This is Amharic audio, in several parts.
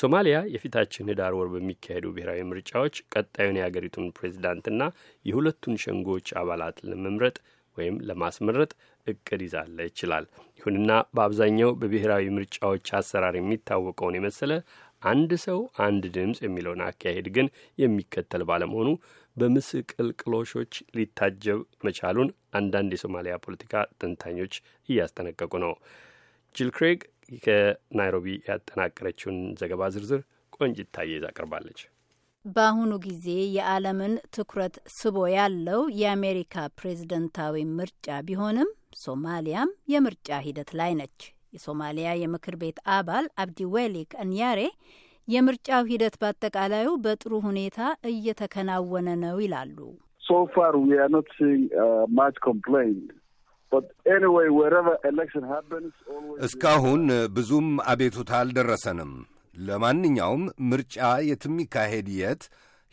ሶማሊያ የፊታችን ህዳር ወር በሚካሄዱ ብሔራዊ ምርጫዎች ቀጣዩን የአገሪቱን ፕሬዚዳንትና የሁለቱን ሸንጎዎች አባላት ለመምረጥ ወይም ለማስመረጥ እቅድ ይዛለ ይችላል። ይሁንና በአብዛኛው በብሔራዊ ምርጫዎች አሰራር የሚታወቀውን የመሰለ አንድ ሰው አንድ ድምፅ የሚለውን አካሄድ ግን የሚከተል ባለመሆኑ በምስቅልቅሎሾች ሊታጀብ መቻሉን አንዳንድ የሶማሊያ ፖለቲካ ተንታኞች እያስጠነቀቁ ነው። ጂል ክሬግ ከናይሮቢ ያጠናቀረችውን ዘገባ ዝርዝር ቆንጅታዬ ይዛ ቀርባለች። በአሁኑ ጊዜ የዓለምን ትኩረት ስቦ ያለው የአሜሪካ ፕሬዝደንታዊ ምርጫ ቢሆንም ሶማሊያም የምርጫ ሂደት ላይ ነች። የሶማሊያ የምክር ቤት አባል አብዲ ዌሊክ እንያሬ የምርጫው ሂደት በአጠቃላዩ በጥሩ ሁኔታ እየተከናወነ ነው ይላሉ። uh, እስካሁን ብዙም አቤቱታ አልደረሰንም። ለማንኛውም ምርጫ የትም ይካሄድ የት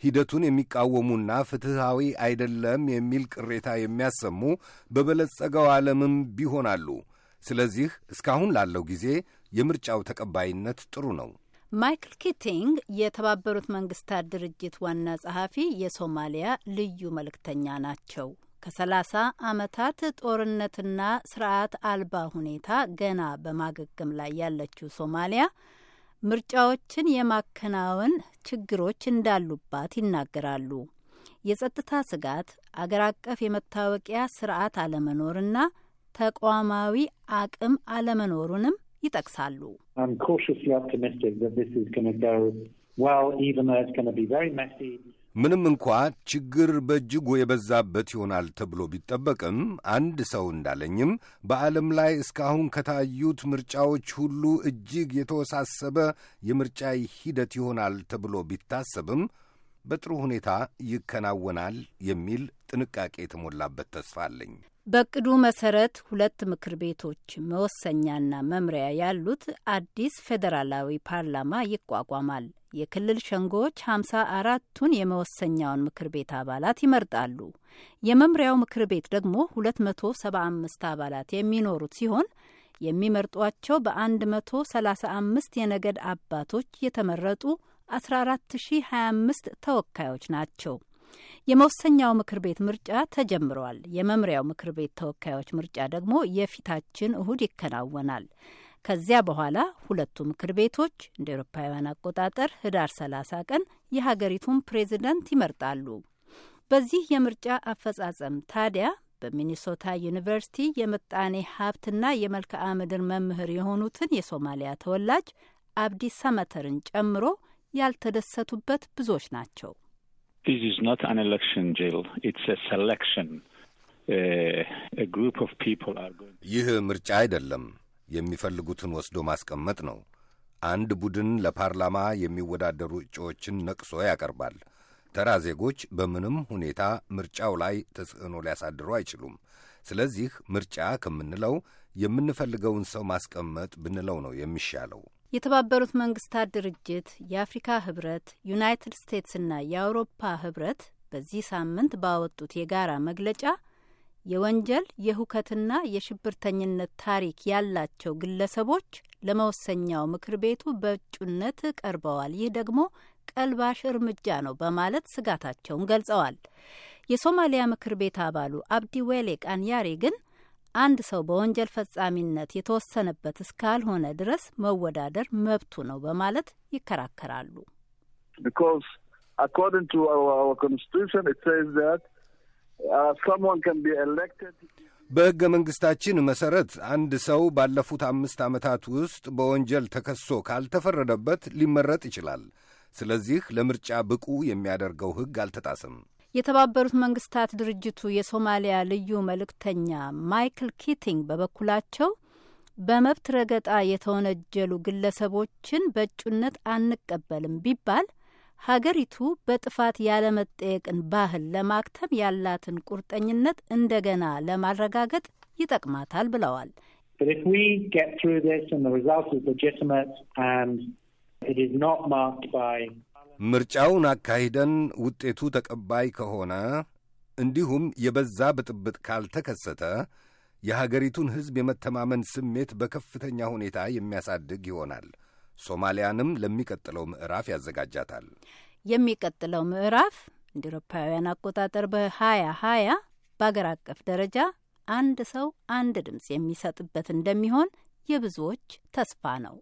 ሂደቱን የሚቃወሙና ፍትሐዊ አይደለም የሚል ቅሬታ የሚያሰሙ በበለጸገው ዓለምም ቢሆናሉ። ስለዚህ እስካሁን ላለው ጊዜ የምርጫው ተቀባይነት ጥሩ ነው። ማይክል ኪቲንግ የተባበሩት መንግስታት ድርጅት ዋና ጸሐፊ የሶማሊያ ልዩ መልእክተኛ ናቸው። ከሰላሳ ዓመታት ጦርነትና ስርዓት አልባ ሁኔታ ገና በማገገም ላይ ያለችው ሶማሊያ ምርጫዎችን የማከናወን ችግሮች እንዳሉባት ይናገራሉ። የጸጥታ ስጋት፣ አገር አቀፍ የመታወቂያ ስርዓት አለመኖርና ተቋማዊ አቅም አለመኖሩንም ይጠቅሳሉ። ምንም እንኳ ችግር በእጅጉ የበዛበት ይሆናል ተብሎ ቢጠበቅም አንድ ሰው እንዳለኝም በዓለም ላይ እስካሁን ከታዩት ምርጫዎች ሁሉ እጅግ የተወሳሰበ የምርጫ ሂደት ይሆናል ተብሎ ቢታሰብም በጥሩ ሁኔታ ይከናወናል የሚል ጥንቃቄ የተሞላበት ተስፋ አለኝ። በቅዱ መሰረት ሁለት ምክር ቤቶች መወሰኛና መምሪያ ያሉት አዲስ ፌዴራላዊ ፓርላማ ይቋቋማል። የክልል ሸንጎዎች ሀምሳ አራቱን የመወሰኛውን ምክር ቤት አባላት ይመርጣሉ። የመምሪያው ምክር ቤት ደግሞ ሁለት መቶ ሰባ አምስት አባላት የሚኖሩት ሲሆን የሚመርጧቸው በአንድ መቶ ሰላሳ አምስት የነገድ አባቶች የተመረጡ አስራ አራት ሺ ሀያ አምስት ተወካዮች ናቸው። የመወሰኛው ምክር ቤት ምርጫ ተጀምሯል። የመምሪያው ምክር ቤት ተወካዮች ምርጫ ደግሞ የፊታችን እሁድ ይከናወናል። ከዚያ በኋላ ሁለቱ ምክር ቤቶች እንደ ኤሮፓውያን አቆጣጠር ህዳር 30 ቀን የሀገሪቱን ፕሬዝደንት ይመርጣሉ። በዚህ የምርጫ አፈጻጸም ታዲያ በሚኒሶታ ዩኒቨርሲቲ የምጣኔ ሀብትና የመልክዓ ምድር መምህር የሆኑትን የሶማሊያ ተወላጅ አብዲ ሰመተርን ጨምሮ ያልተደሰቱበት ብዙዎች ናቸው። this is not an election, Jill. It's a selection. Uh, A group of people are going to... ይህ ምርጫ አይደለም። የሚፈልጉትን ወስዶ ማስቀመጥ ነው። አንድ ቡድን ለፓርላማ የሚወዳደሩ እጩዎችን ነቅሶ ያቀርባል። ተራ ዜጎች በምንም ሁኔታ ምርጫው ላይ ተጽዕኖ ሊያሳድሩ አይችሉም። ስለዚህ ምርጫ ከምንለው የምንፈልገውን ሰው ማስቀመጥ ብንለው ነው የሚሻለው። የተባበሩት መንግስታት ድርጅት፣ የአፍሪካ ህብረት፣ ዩናይትድ ስቴትስና የአውሮፓ ህብረት በዚህ ሳምንት ባወጡት የጋራ መግለጫ የወንጀል የሁከትና የሽብርተኝነት ታሪክ ያላቸው ግለሰቦች ለመወሰኛው ምክር ቤቱ በእጩነት ቀርበዋል፣ ይህ ደግሞ ቀልባሽ እርምጃ ነው በማለት ስጋታቸውን ገልጸዋል። የሶማሊያ ምክር ቤት አባሉ አብዲ ዌሌ ቃንያሬ ግን አንድ ሰው በወንጀል ፈጻሚነት የተወሰነበት እስካልሆነ ድረስ መወዳደር መብቱ ነው በማለት ይከራከራሉ። uh, በሕገ መንግሥታችን መሠረት አንድ ሰው ባለፉት አምስት ዓመታት ውስጥ በወንጀል ተከሶ ካልተፈረደበት ሊመረጥ ይችላል። ስለዚህ ለምርጫ ብቁ የሚያደርገው ሕግ አልተጣሰም። የተባበሩት መንግስታት ድርጅቱ የሶማሊያ ልዩ መልእክተኛ ማይክል ኪቲንግ በበኩላቸው በመብት ረገጣ የተወነጀሉ ግለሰቦችን በእጩነት አንቀበልም ቢባል ሀገሪቱ በጥፋት ያለመጠየቅን ባህል ለማክተም ያላትን ቁርጠኝነት እንደገና ለማረጋገጥ ይጠቅማታል ብለዋል። ምርጫውን አካሂደን ውጤቱ ተቀባይ ከሆነ እንዲሁም የበዛ ብጥብጥ ካልተከሰተ የሀገሪቱን ሕዝብ የመተማመን ስሜት በከፍተኛ ሁኔታ የሚያሳድግ ይሆናል። ሶማሊያንም ለሚቀጥለው ምዕራፍ ያዘጋጃታል። የሚቀጥለው ምዕራፍ እንደ አውሮፓውያን አቆጣጠር በሀያ ሀያ በአገር አቀፍ ደረጃ አንድ ሰው አንድ ድምፅ የሚሰጥበት እንደሚሆን የብዙዎች ተስፋ ነው።